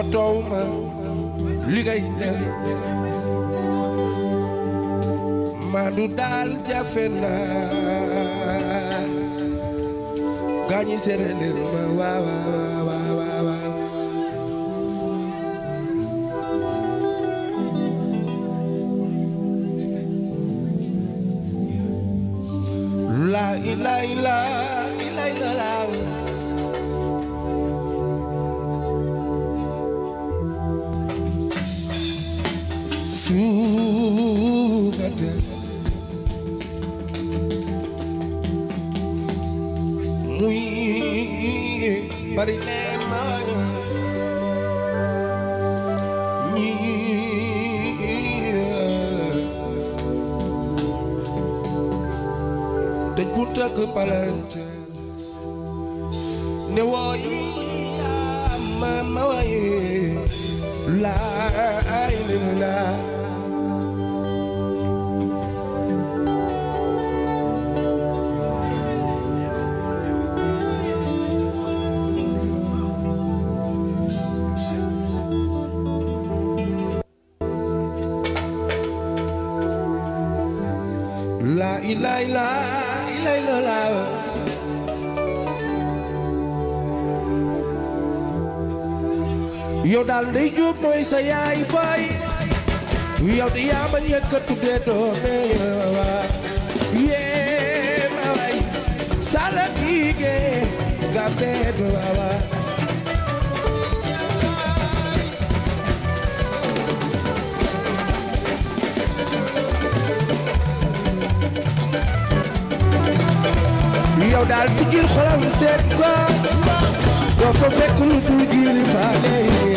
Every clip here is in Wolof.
toppatoowuma li ngay def maandu daal jafe na gaañi sérénéer ma waaw waaw waaw la ilaha illa tuubate muy bari neema ñi tëj bu takk palante ne wooyi ma ma waaye laa ay yow daal ndey jóob mooy sa yaay baay yow di yaa bañ yëkka tuddee doome yee ma way saala fiige ga bee waawa yow daal tijjir xolam seet ko doo fa fekk lu dul jiiri faale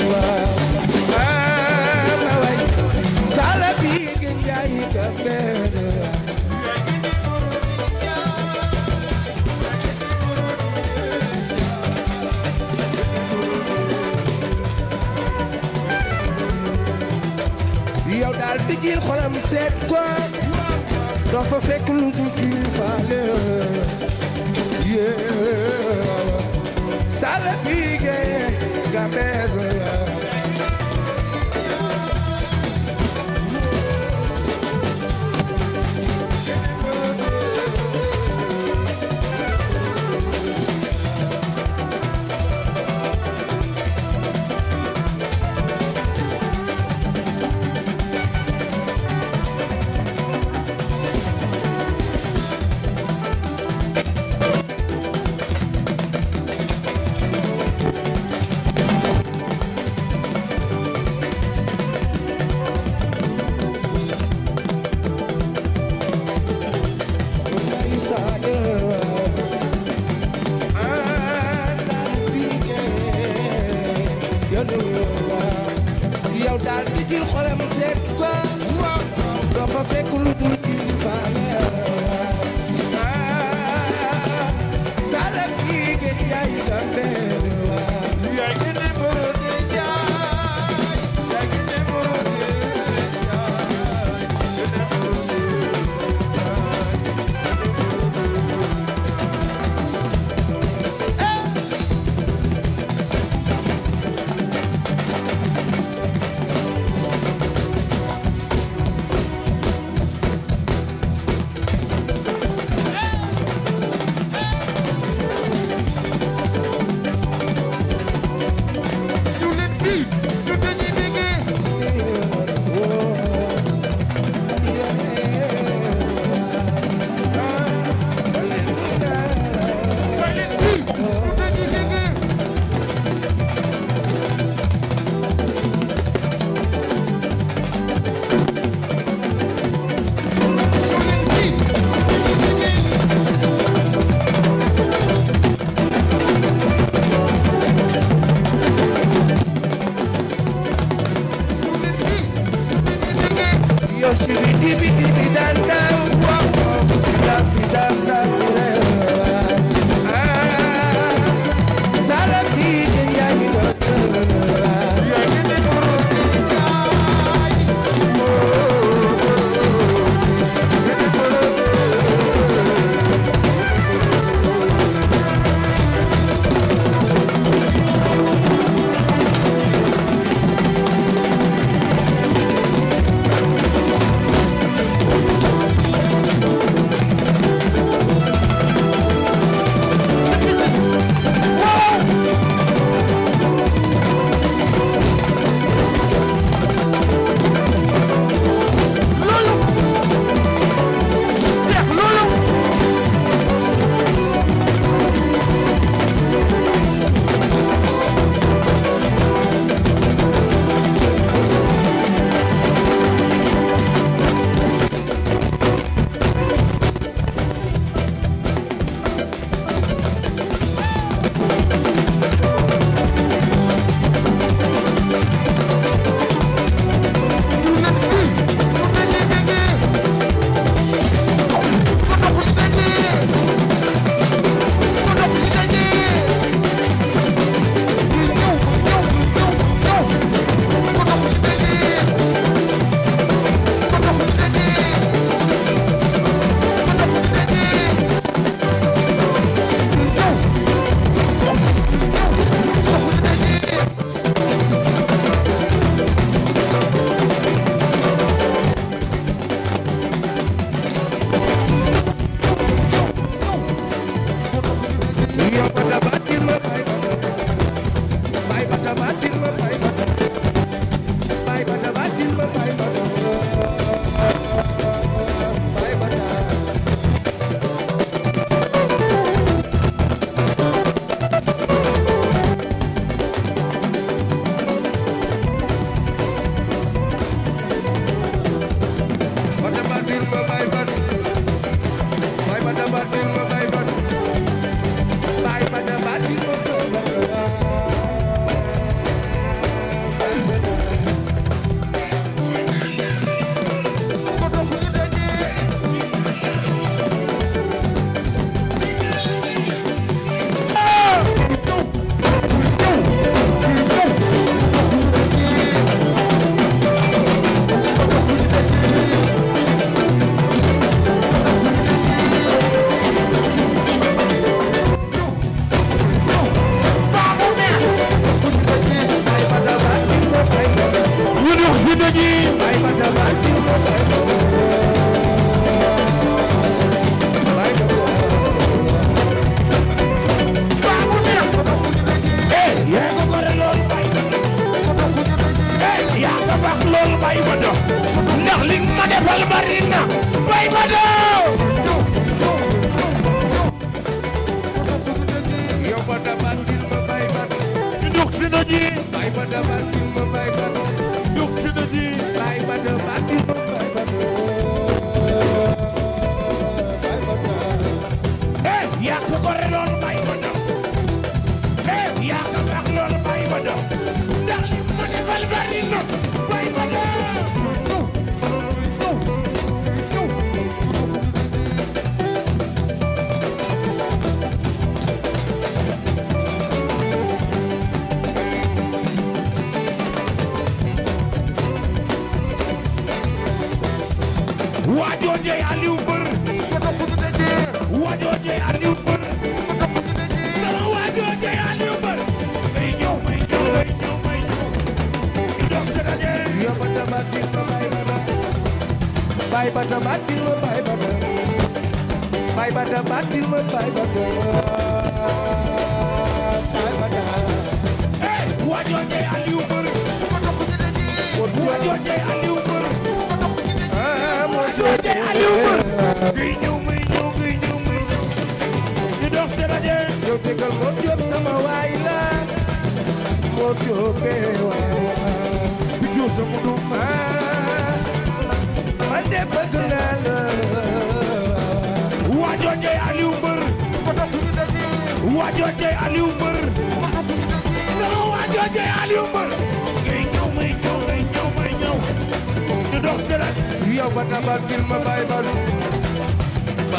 biir xolam seet ko doo fa fekk lu du jur faale yee sala bii gee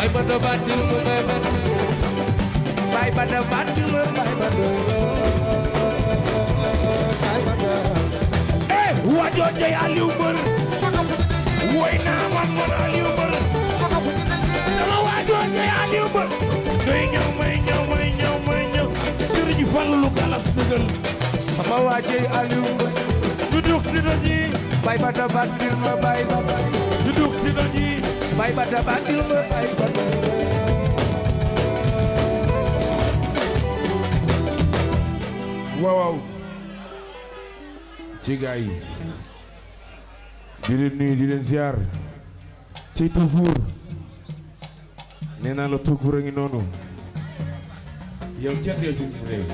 bay ba do batil mo bay ba bay ba do batil mo bay ba do bay ba do eh wajo jey Aliou Mbeur woy naa man man Aliou Mbeur sama wajo jey Aliou Mbeur doy ñëw may ñëw may ñëw may ñëw Serigne Fallou Galas dëggal sama wajo jey Aliou Mbeur duduk ci doji bay ba do batil mo bay ba duduk ci doji bay bada batil ma ci gaa yi di leen nuyu di leen ziar ci tukuur nee naa la tukuur a ngi noonu yow kenn yow ci mu réew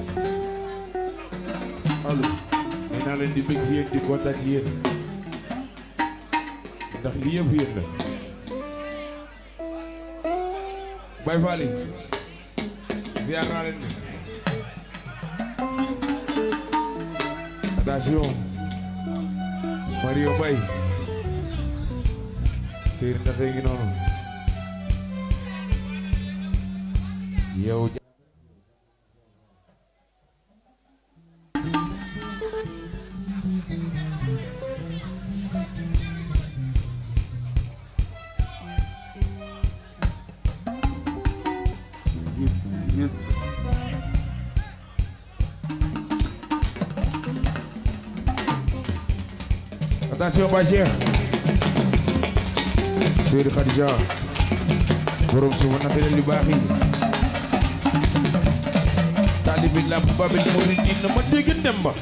naa leen di bëgg si di kontaan ci yéen ndax li yëpp yéen Baye Fall yi ziar naa leen de attention Mario Mbaye noonu passé Seydi Khadija borom suma natale lu baax yi taalibi làmb babil murid na ma dégg dem ba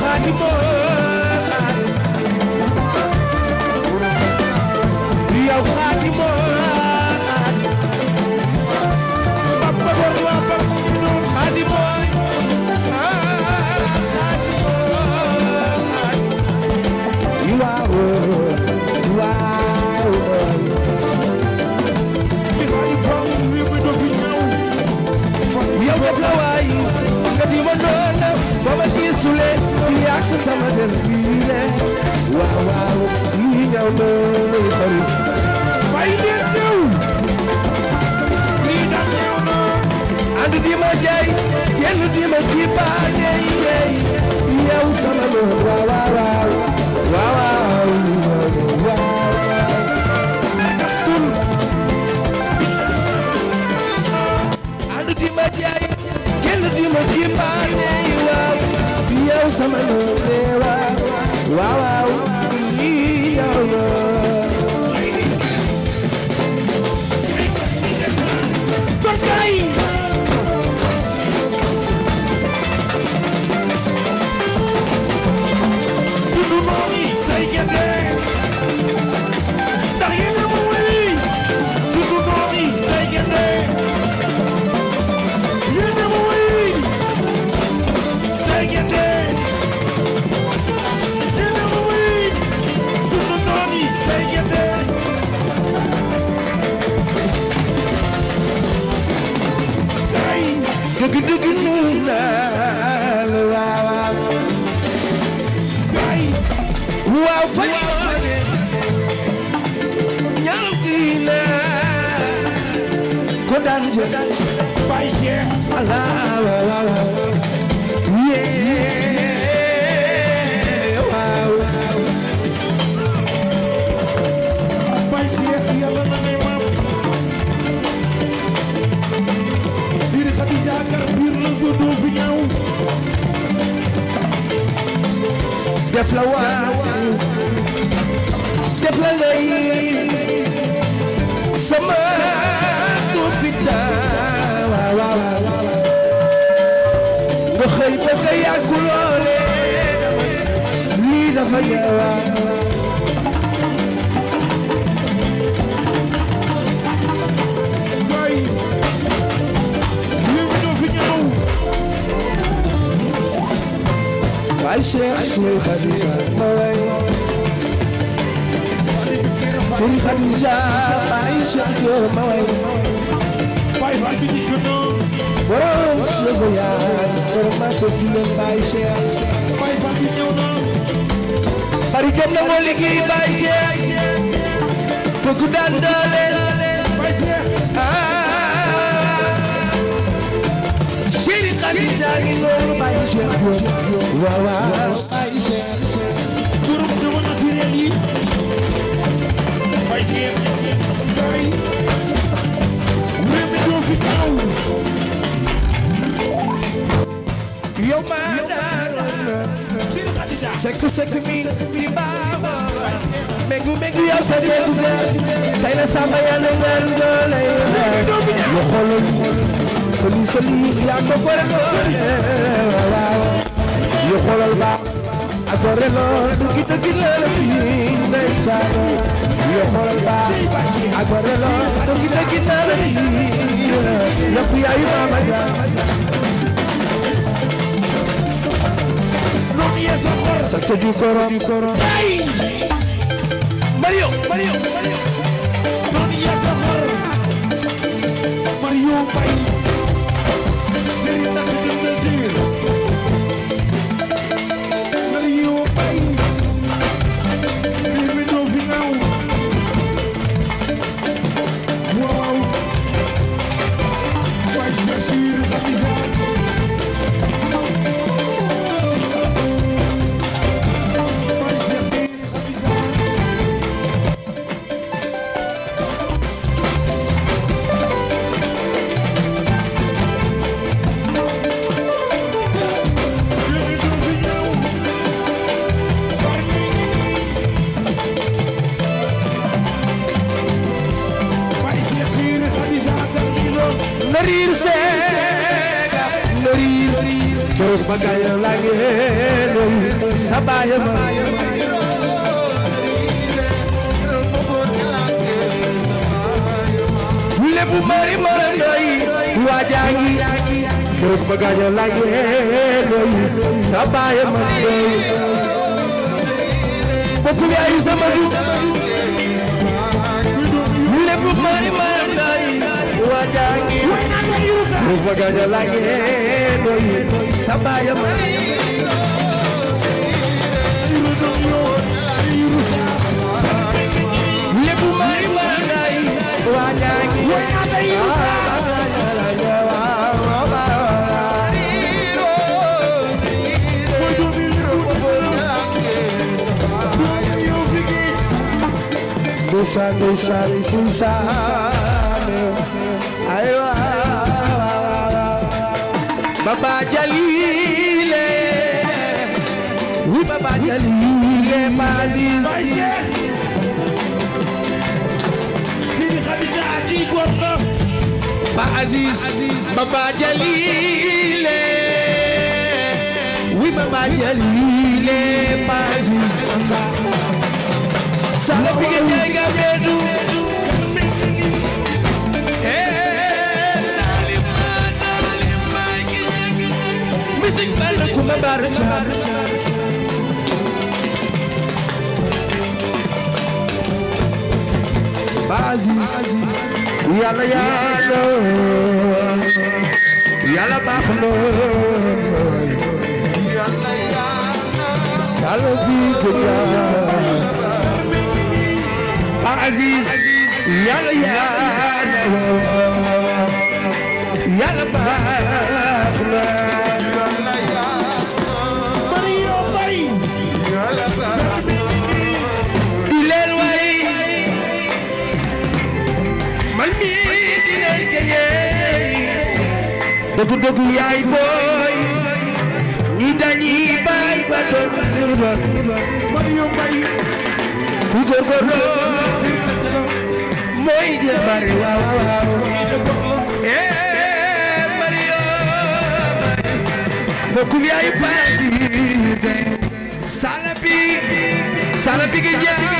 xaati seen biire waaw waaw lii ñaw na xarit bay leen ñëw lii daan ñëw na ànd di ma jey yenn di ma ci baaje yey yow sama lool waaw waaw waaw waaw ànd di ma jey yenn di ma ci baaje yow sama lóore waaw waaw yow def la waay def la lay sama tu fita waaw waaw nga xëy bëgg a lii dafa yeewa عشرين عشرين خديجة موي شري خديجة عايشة اليوم موي برام شغيان برام شغيان بايشة bari jom na moo liggéey bàyyi Cheikh bëgg daan doole Jaa ngi noonu bàyyi seen góor waaw waaw bàyyi seen groupe de woon naturel yi bàyyi seen doy réew mi doo fi taw yow maa daanoon sekk sekk mi di baaba megu megu yow sa dégg tey la sàmba yàlla ngaan doole la lu xolum soli soli yaa ko gore lool waaw yu xoolal ba a gore lool duggi duggi lool fii ndeysaan yu xoolal ba a gore lool duggi duggi lool fii yokku yaayu maama ja sakse du koro du koro Mario Mario Mario Mario Mario Mario baayam lébu mari marandaay waa ñaangi waa ñaata yi Dusa, dusa, dusa, aywa, baba jali. Vai ser Cine Rabitat e Guapão Ba Aziz Baba Jalile Oui Baba Jalile Ba Aziz Sala Pique Nyanga Benou Music Barra Kuma Barra Barra Aziz yàlla yàlla yàlla baax na yàlla yàlla salafi gënaa Aziz yàlla yàlla yàlla baax dëgg dëgg yaay booy ñi dañuy bay ba doon riba mayu mayu ku góorgóorlu mooy jël bari waaw waaw ee eh, bari yoo bokkum yaay paasi sala bi sala bi gi jaay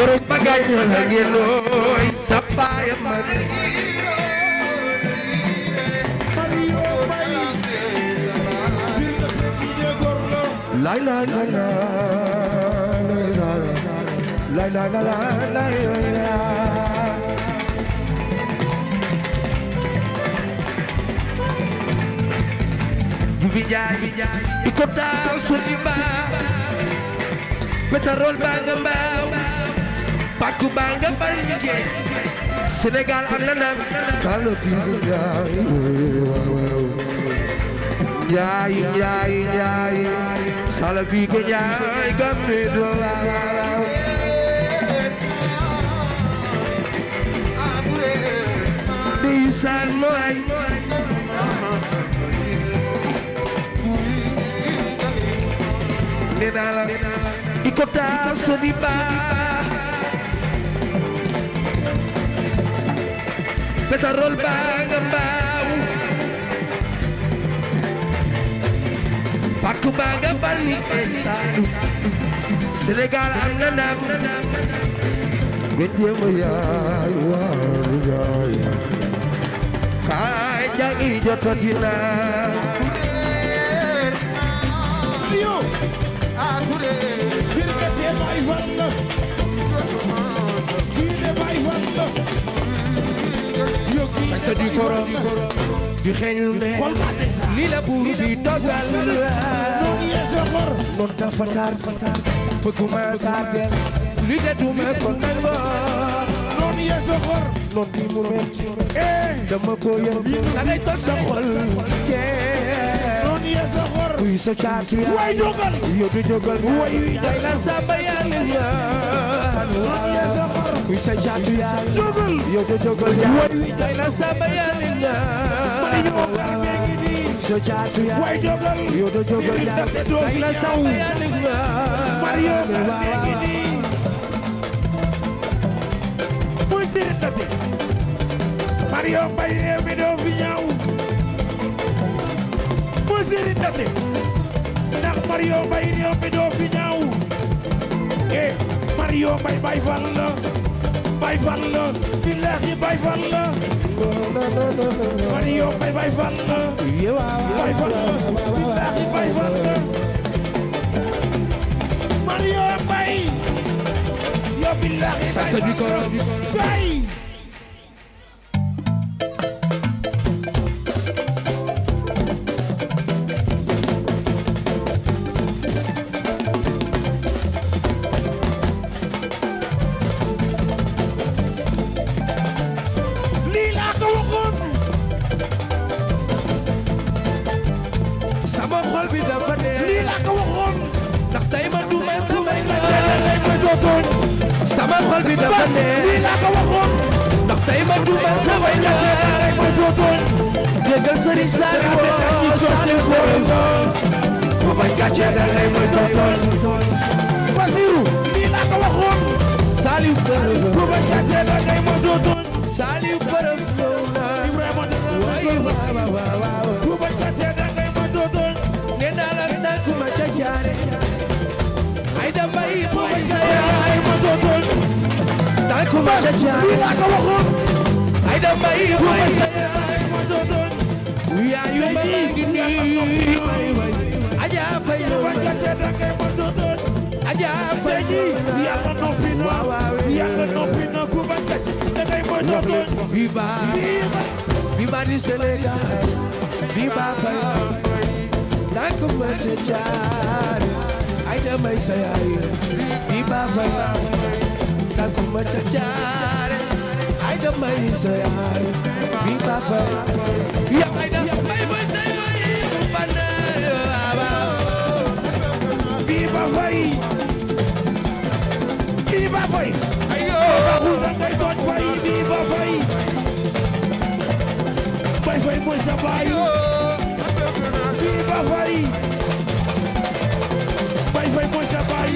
Keroog ma gaañoo la ngelooy sa baay man la la la la la la la la Jubijaay bi ko taaw su di ba pétrole ba nga mbaa pàkku baa nga bari liggéey Sénégal am na ndam salo biiru njaay njaay njaay njaay salo biiru njaay gamme doo san moy nenala ikota sodiba pétrole baa nga mbaaw baa nga bali esaanu Sénégal am na ndam gëjjë ma yaay waaw yaay kaay jàngi jotati naa Firkete bay walla Firkete bay walla sañse du korom di xeeñ lu ne li la buur bi dogal noon dafa taar bëgguma tardeel li de duma ko nangoo noon di mu metti dama ko yor da ngay toj sa xol kuy sa caatu yaay yow du jógal way la samba yaa kuy sa jaatu yaay yow de jógal yaay day na samba yàlla ñaar sa jaatu yaay yow de jógal yaay day na samba yàlla ñaar Mario Mbaye réew mi doo fi la bay fan la billahi bay fan la man yow bay bay fan la bay fan la billahi bay fan la man yow bay yow billahi bay fan la ma bi ba bi ba bi ba fay naa ko ma ay da may bi ba fay ka kuma ca jaare ay da may sa yaay bi ba fa ya ay da may boy sa yaay bu fane baba bi ba fay bi ba fay ayo ba hu da ngay toj fay bi ba fay bay fay boy sa bay bi ba fay bay fay boy sa bay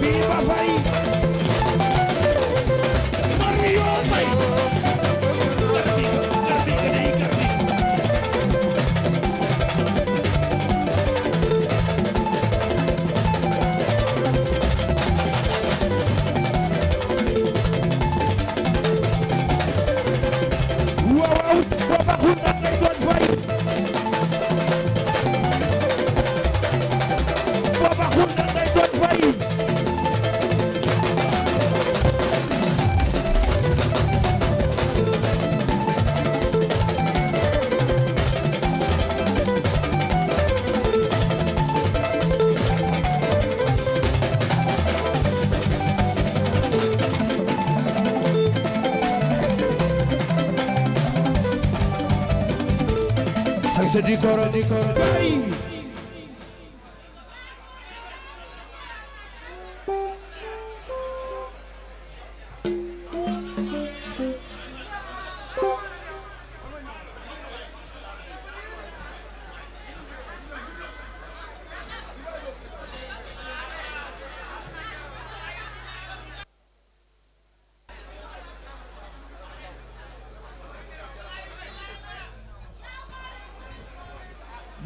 bi ba fay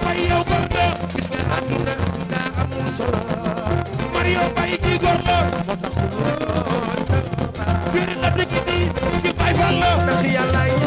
yow góor la gis nga àdduna naa amul solo Mario Mbaye kii góor la moo tax la fii la dëkk bi di Baye Fall la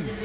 yéen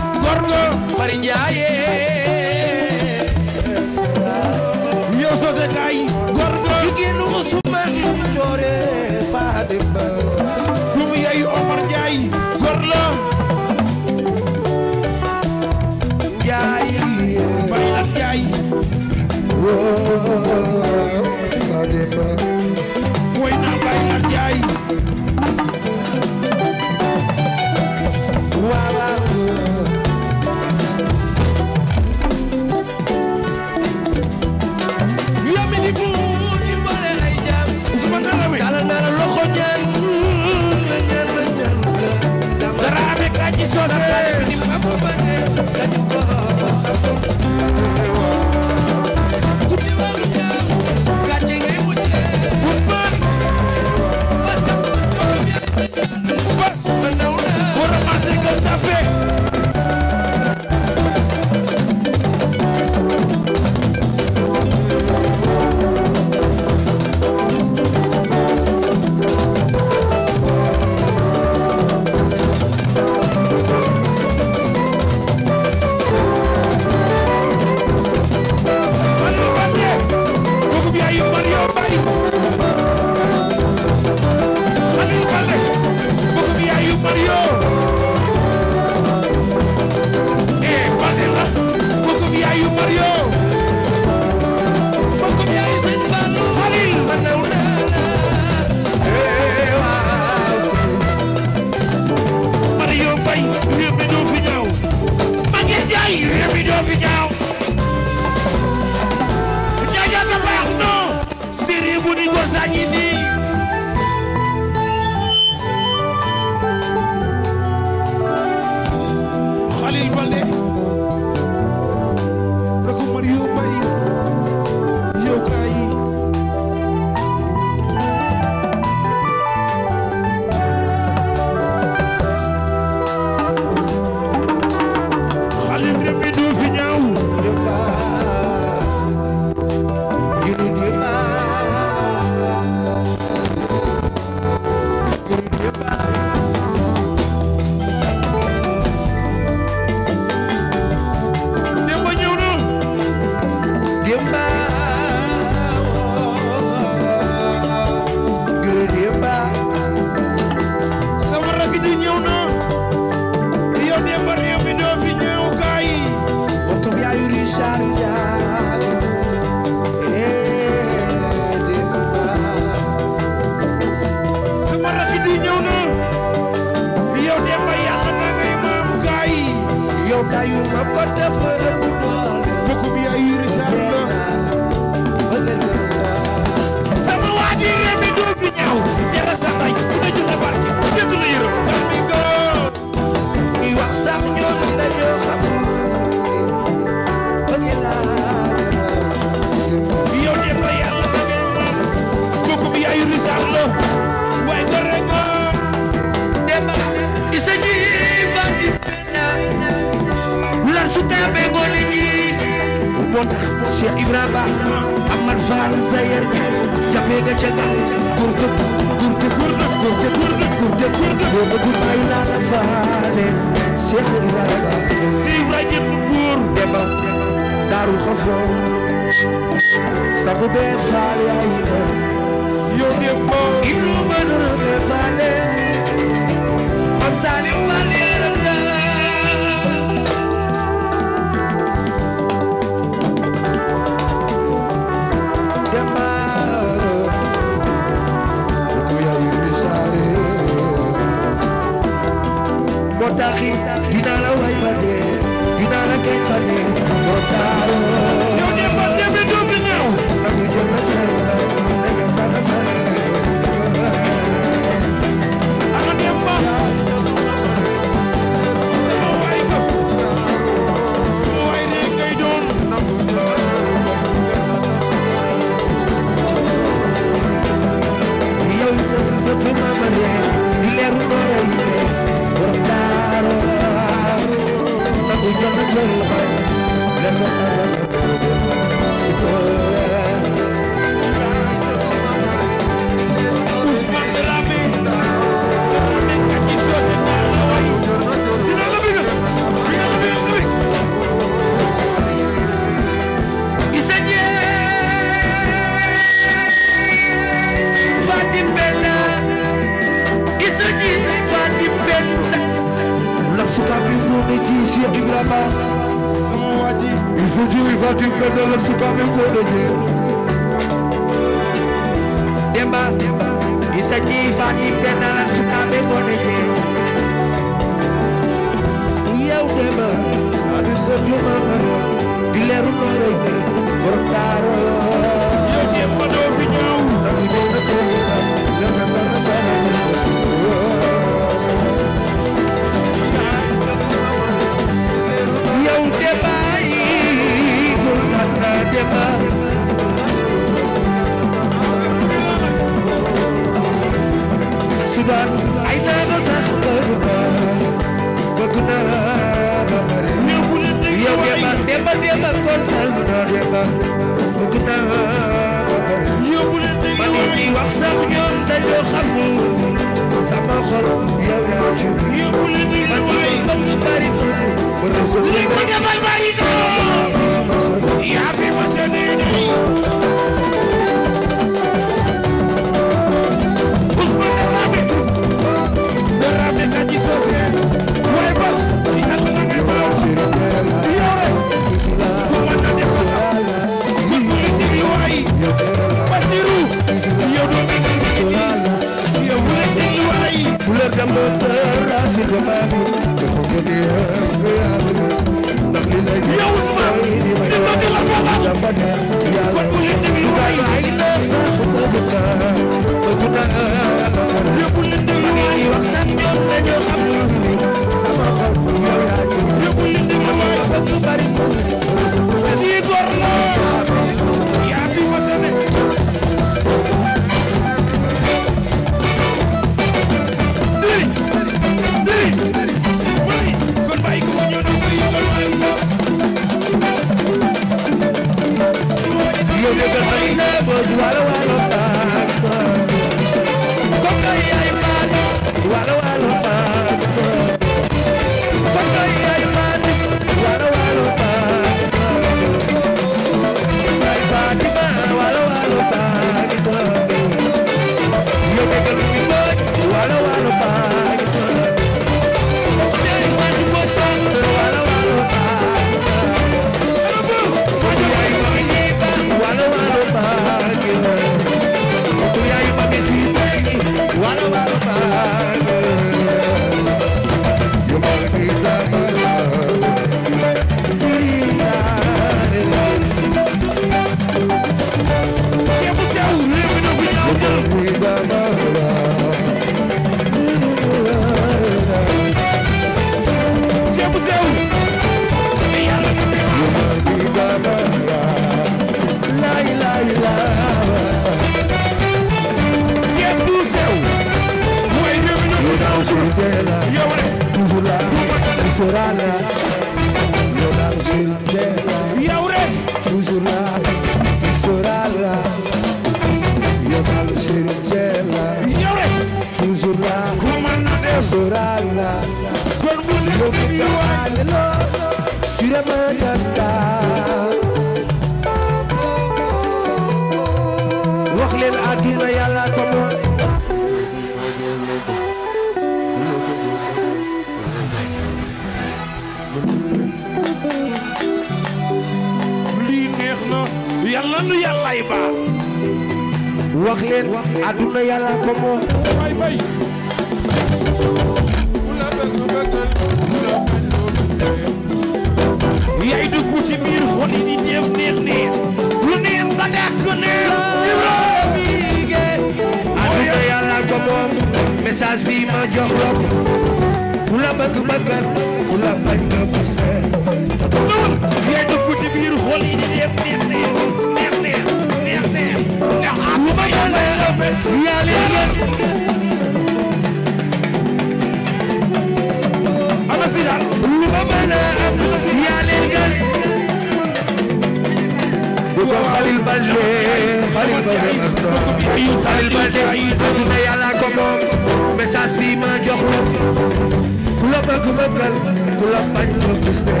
ku la bëgg bëggal ku la bañ ko gis ne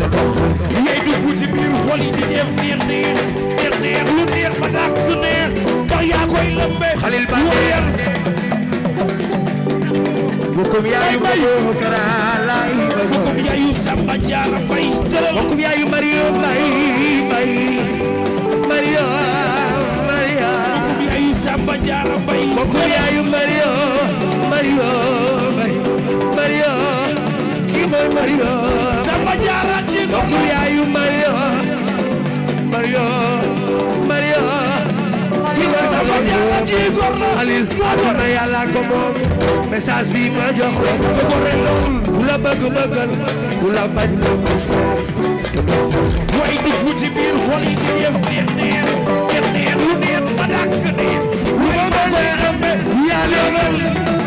da bokkul yey dugg ci biir xol yi di def neex neex neex neex lu neex ba dàq lu neex ndax yaa koy lëmbe xalil ba neex bokkum yaayu bokkum kara lay bokkum yaayu samba jaara bay jëlal bokkum yaayu mario bay bay mario mario bokkum yaayu samba jaara bay bokkum yaayu mario Mario Mario kii mooy Mario Samba Diarra ci ko yaayu Mario Mario Mario kii mooy Samba Diarra ci gorna alil aduna yàlla ko moom message bi ma jox ko ko renul ku la bëgg bëggal ku la bañ lo mus ko way di wuti biir xol yi di yëf neex neex neex neex lu neex ba dàkk neex lu ma bëgg yaa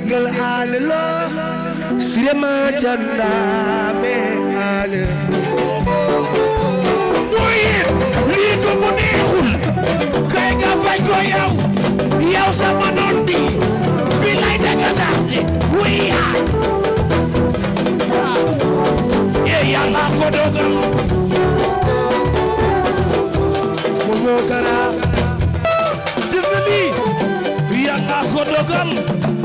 déggal xaale loo sirema jandaame xaale mooye lii ko mu neexul kay nga faj ko yow yow sama noon bi bi lay danga daax de wuy yaa ee eh, yàlla ko dogal mu moo karaa gis nga lii yàlla ko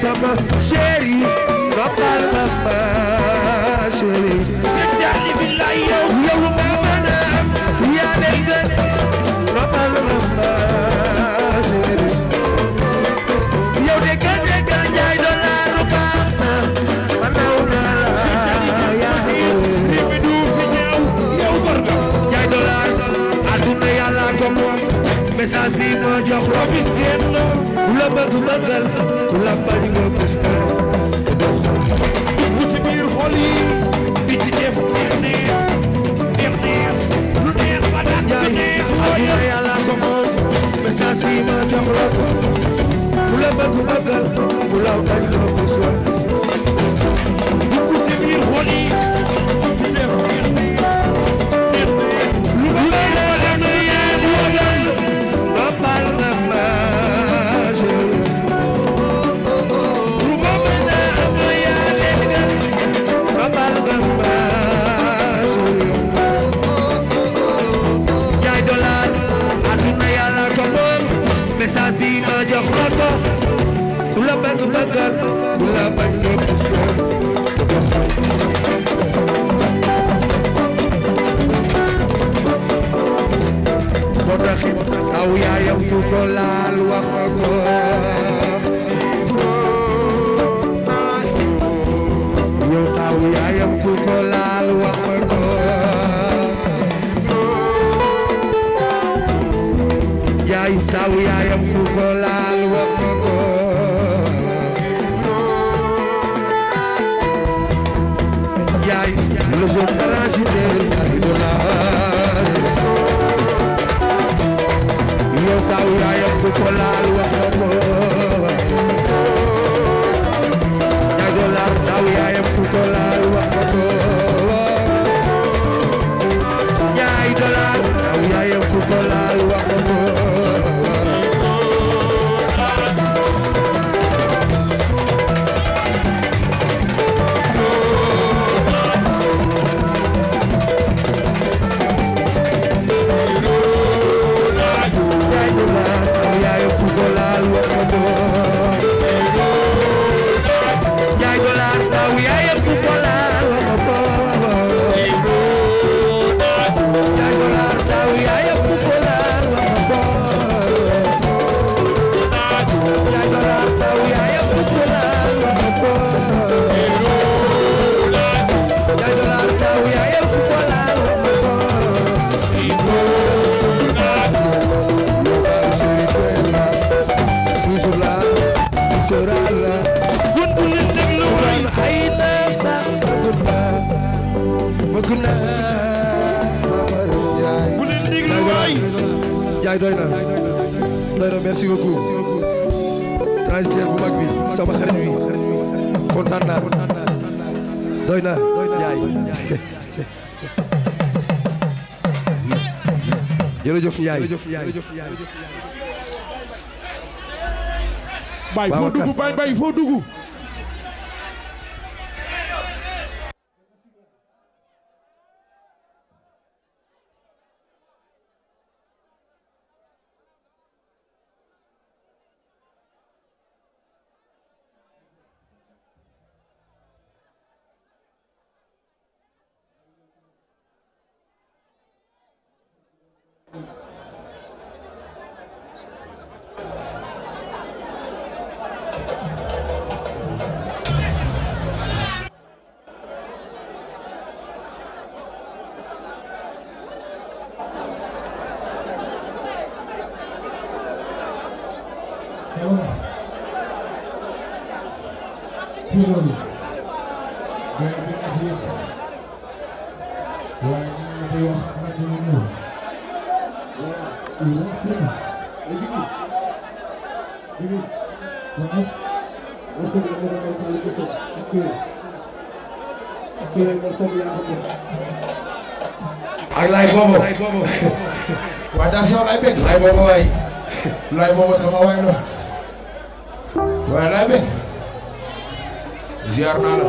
Samba, Sherry, Papa, Papa. confiance bi ma jox officiel la la bëgg bëggal la bañ nga gis bu ci biir xol yi bi ci def neex neex neex lu neex ba daan bi neex mooy yàlla ko moom message bi ma jox la la bëgg bëggal la bañ dogal la bañ nga gis loolu moo taxit aw yaayam du ko ah ah laal doy na doy na merci beaucoup transitaire bu mag bi sama xarit bi kontaan naa doy na yaay jërëjëf Ndiaye bay foo dugg bay bay foo dugg voilà ci loolu gars yi dañ ci yàq waaye ñu ngi koy wax ak ñu ñëw waaw wax seen léegi léegi waaw wax seen la ko ko ko ko ak kër ak kër la ko ak lay boobu lay boobu waaye daa sew lay bëgg lay boobu waay lay boobu sama waay la waaye laa be ziar naa la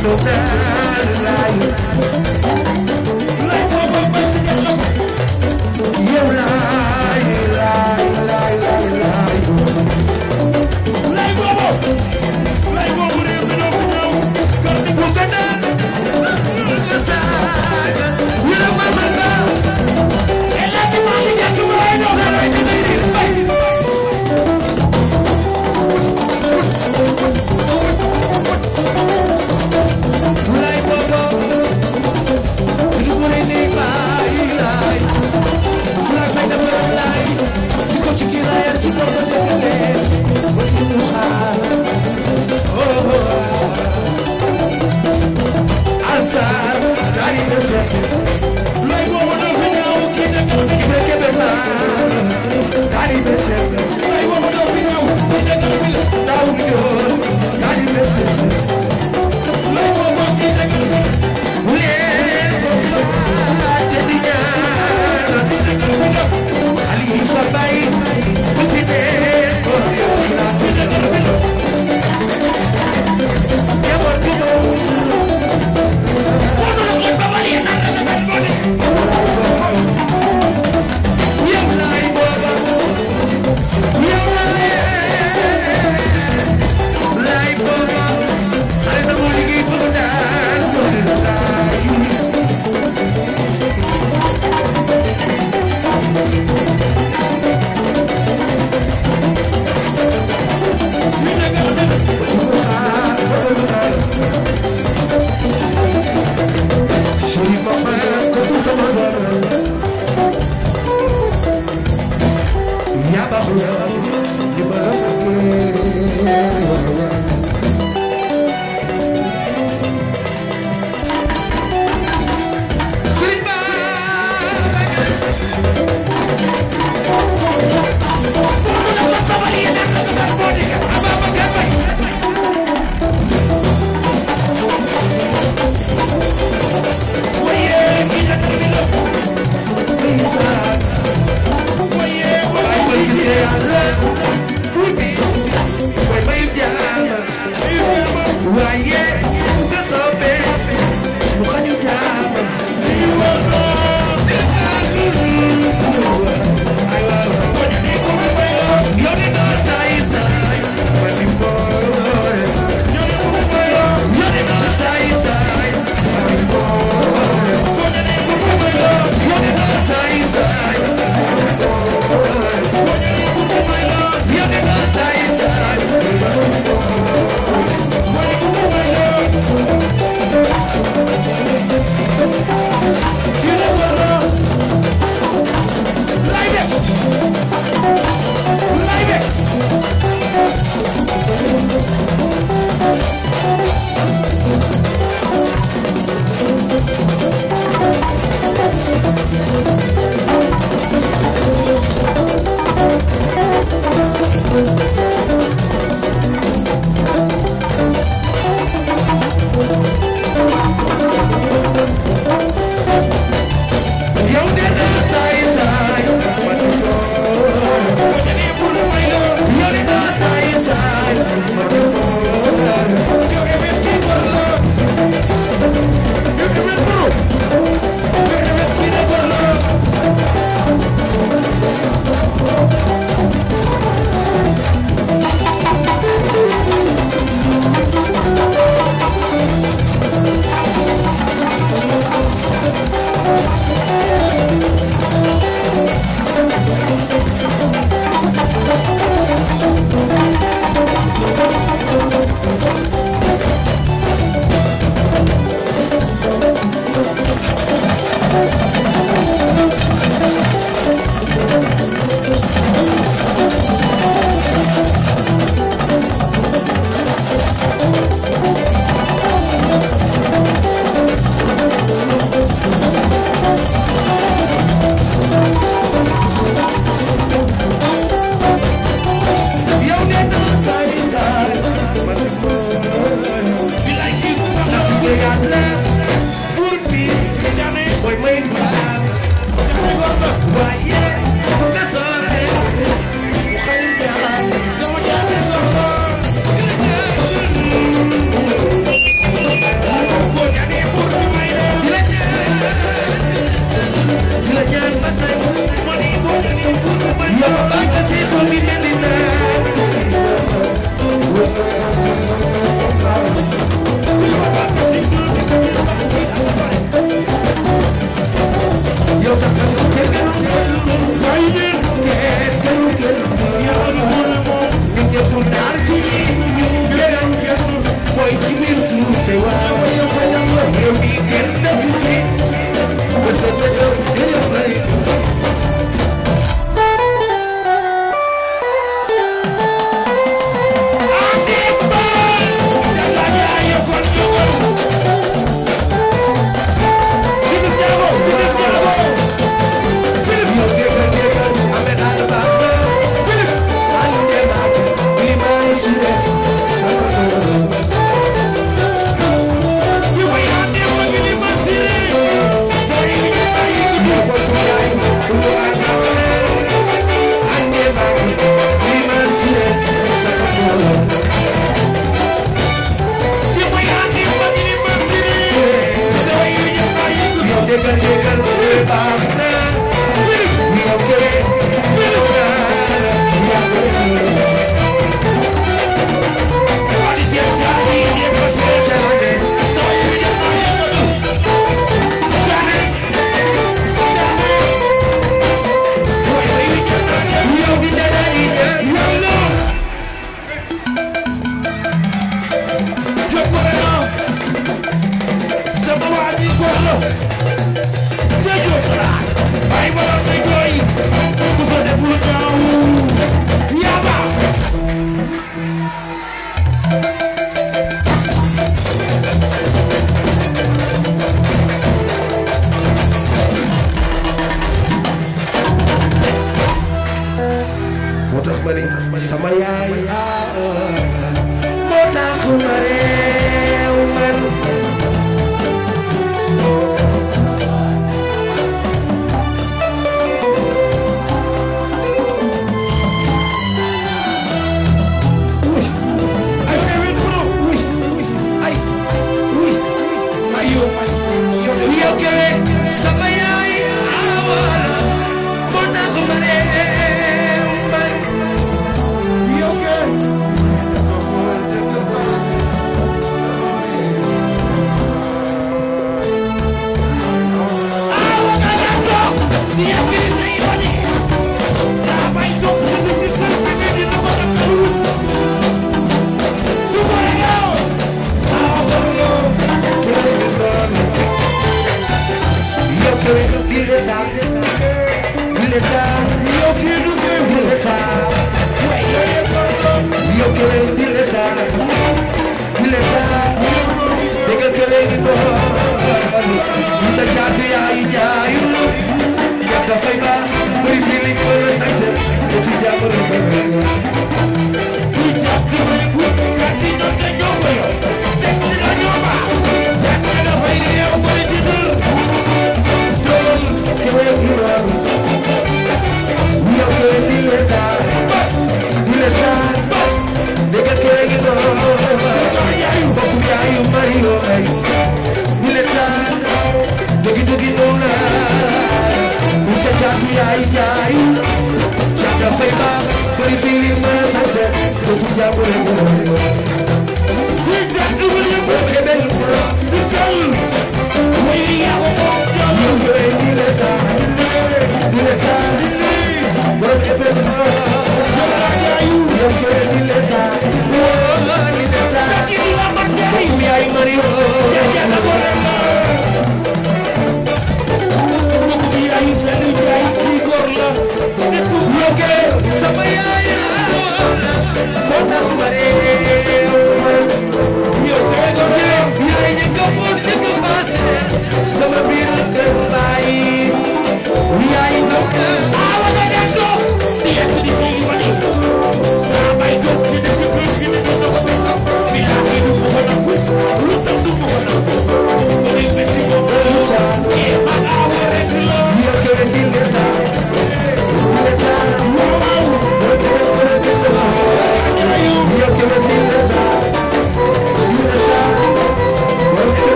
Don't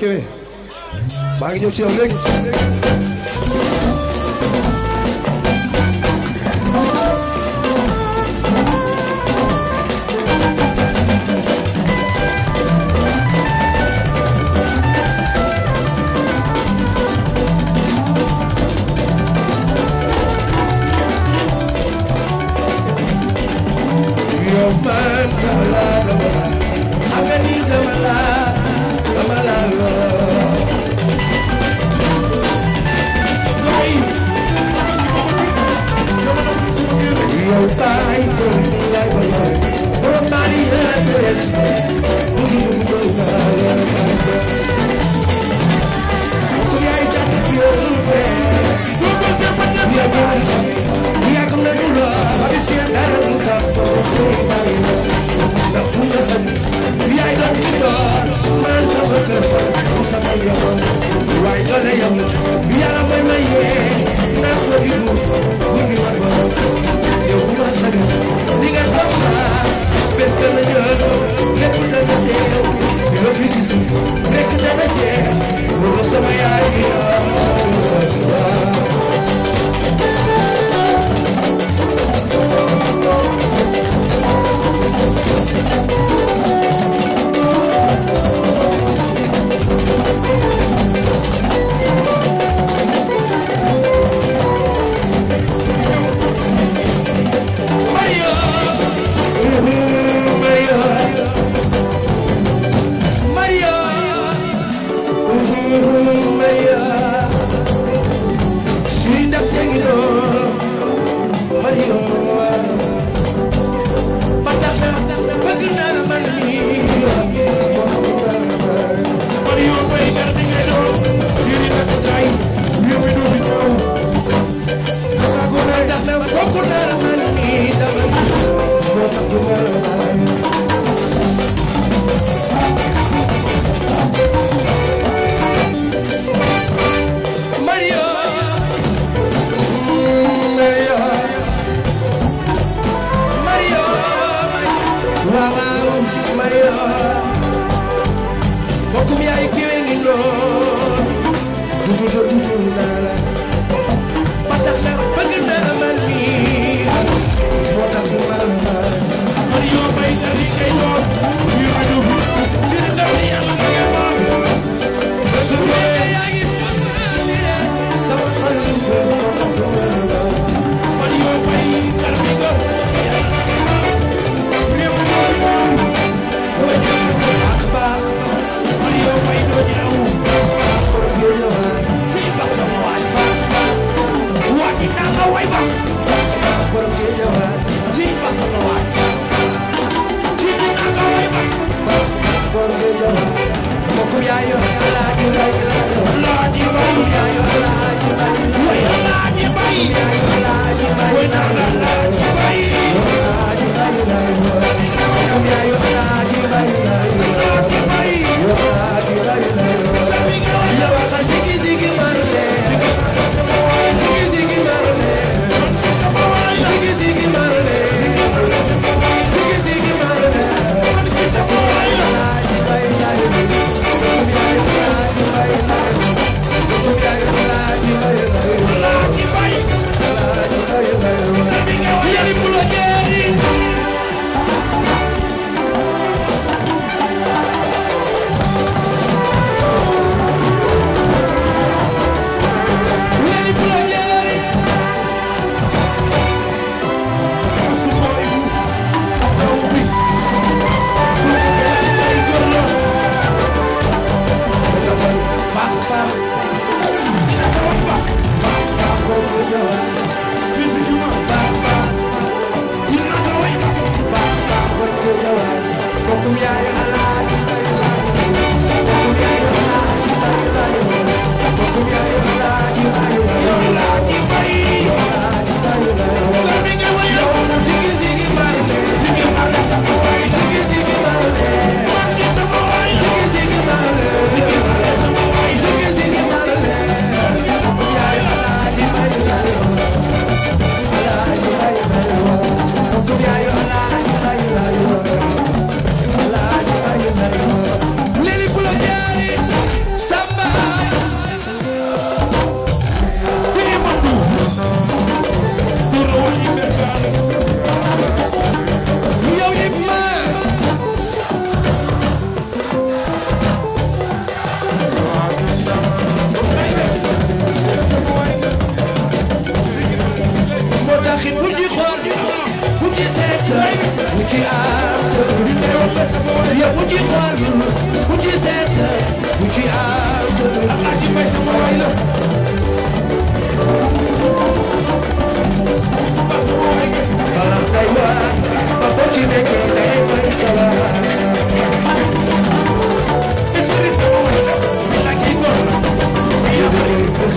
Kébé maa ngi ñëw ci yow léegi.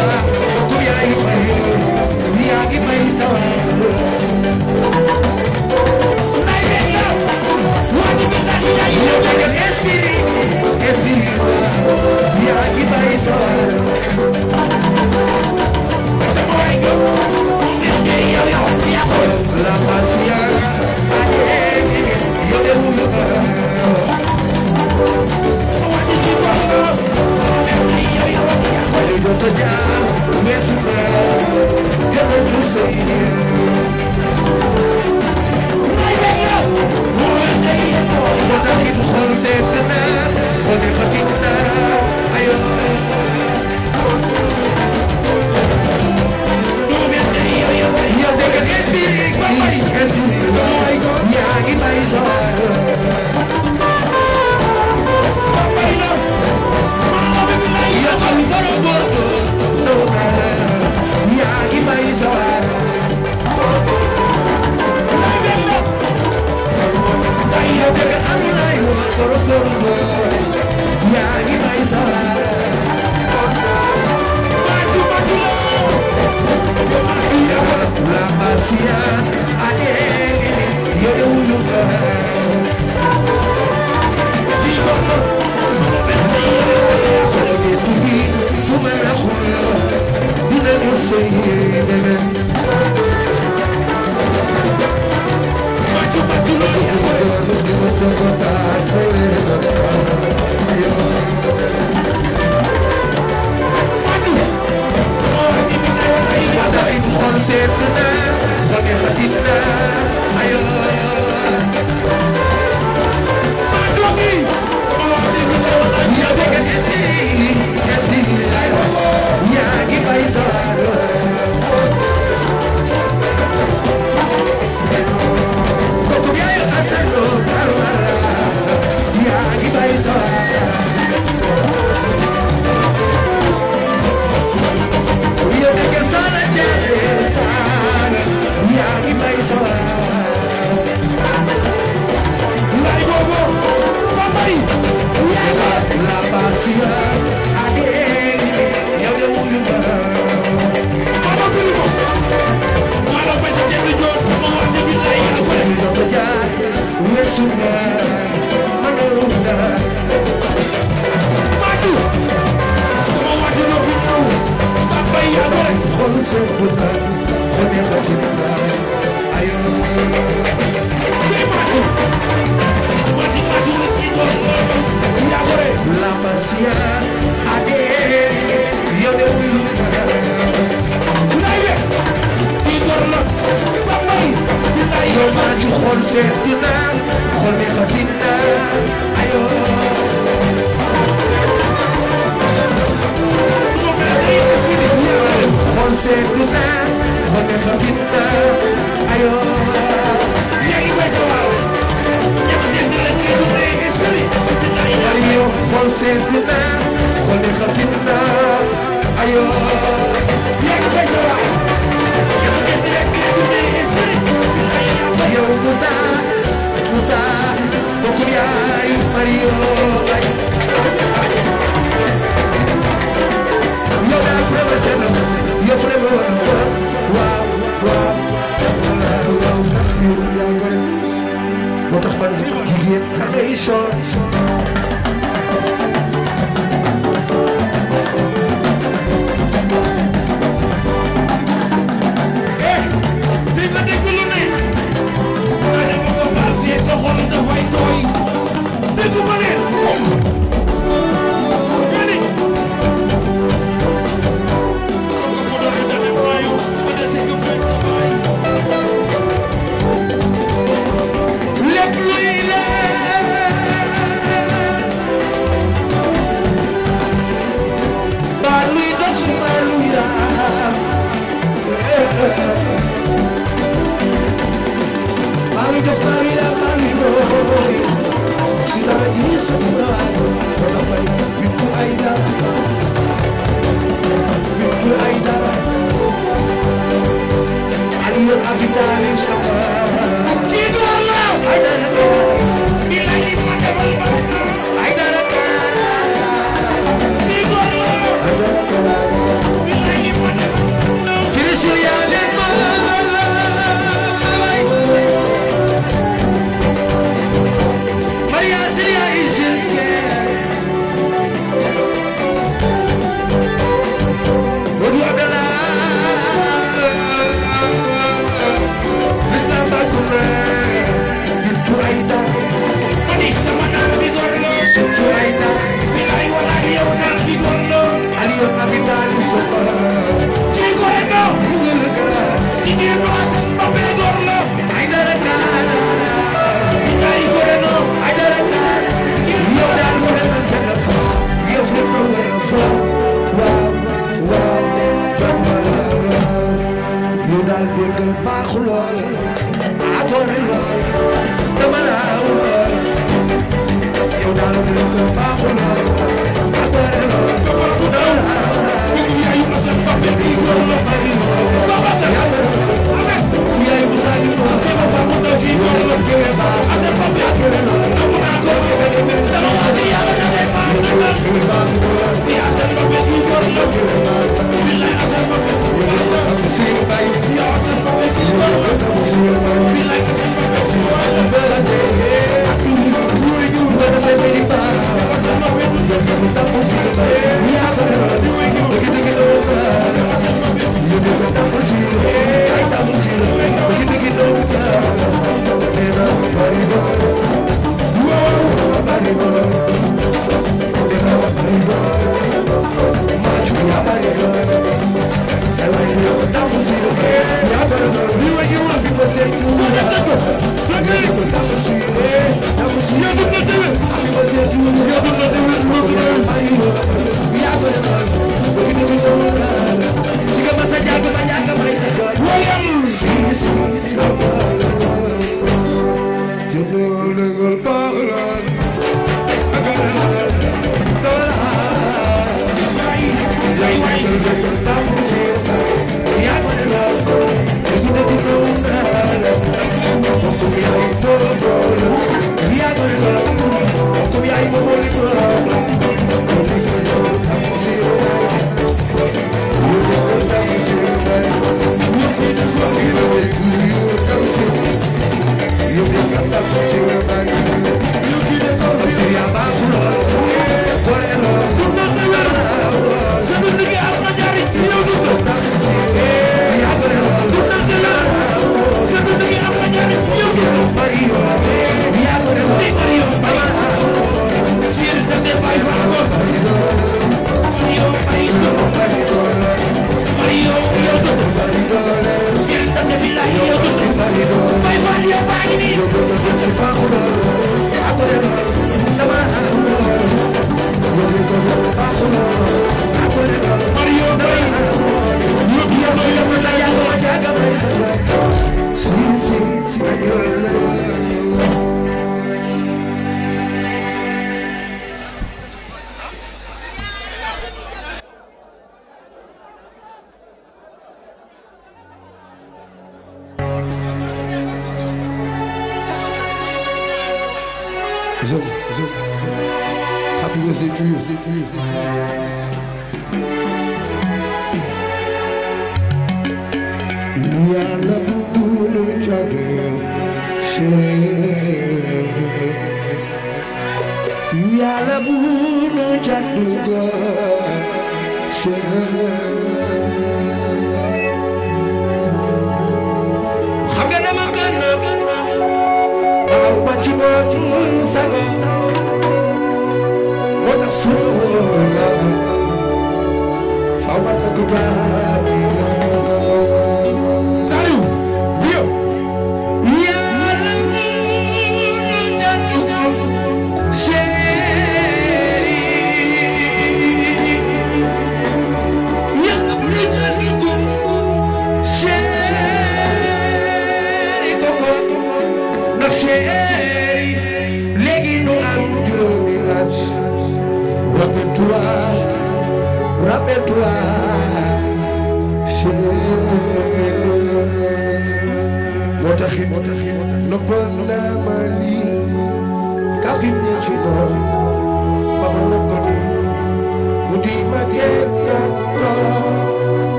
ça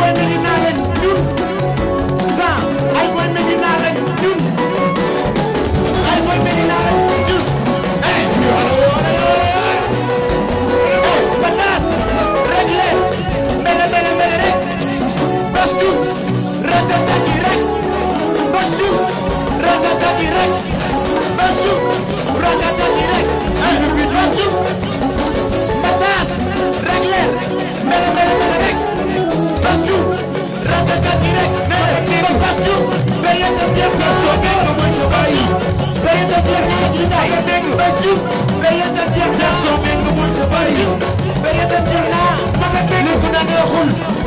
boy Medina lañ ñun Ouza ay boy Medina lañ ñun ay boy Medina lañ ñun ay patas réglé mbele mbele mbele rek bas ju ratata gi rek bas ju ratata gi rek bas ju ratata gi rek bas ju patas réglé mbele mbele mbele rek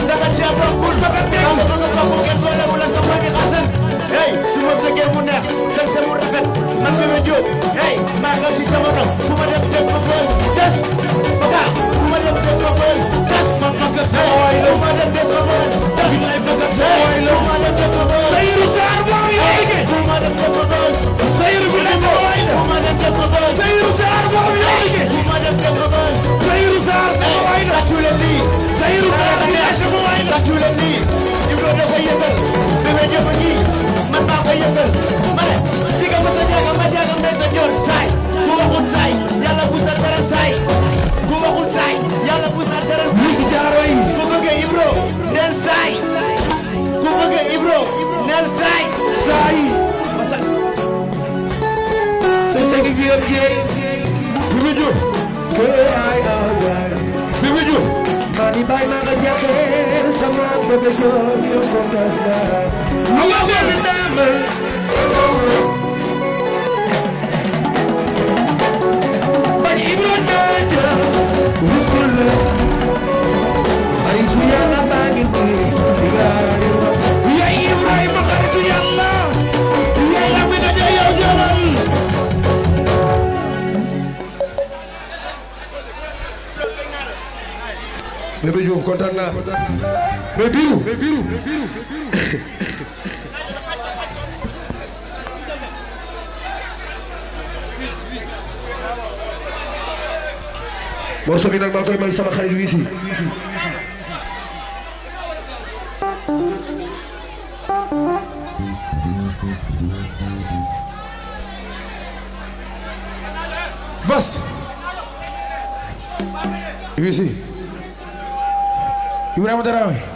Daga ci bokkul daga ci bokkul daga ci bokkul hey su ma bëggee mu neex sant mu rafet man Bébé Diop hey maa ngi si jamono bu ma dem dem ba bës des Faka bu ma dem dem ba bës des. man bëgg ak sama waay la bu ma dem dem ba bës des. bi lay bëgg ak sama waay la bu ma dem dem ba bës. Seydou Sarr moo ngi yéege. bu ma dem dem ba bës. Seydou bi lay sama waay la bu ma dem dem ba bës. Seydou Sarr moo ngi yéege. bu ma dem dem ba bës. Seydou Sarr sama waay la. tàccu leen nii. Seydou Sarr bi lay sama waay la. tàccu leen nii. jëf la koy yëngal bébé jëf a ngi man maa koy yëngal ma ne si nga mos a jaaga ma jaaga mbay sa joor saay ku waxul saay yàlla bu sa dara saay ku waxul saay yàlla bu sa dara saay si jaaro yi ku bëggee Ibro neel saay ku bëggee Ibro neel saay saay masal sa segi gi yëpp yee bi bi ju kër ay ay bi bi ju ni bay ma nga jaxee sama bëgg jox ñu ko dara lu ma bëgg bébé Diouf kontaan naa mais biiru moo maa koy may sama xarit wii Ibrahima Daraame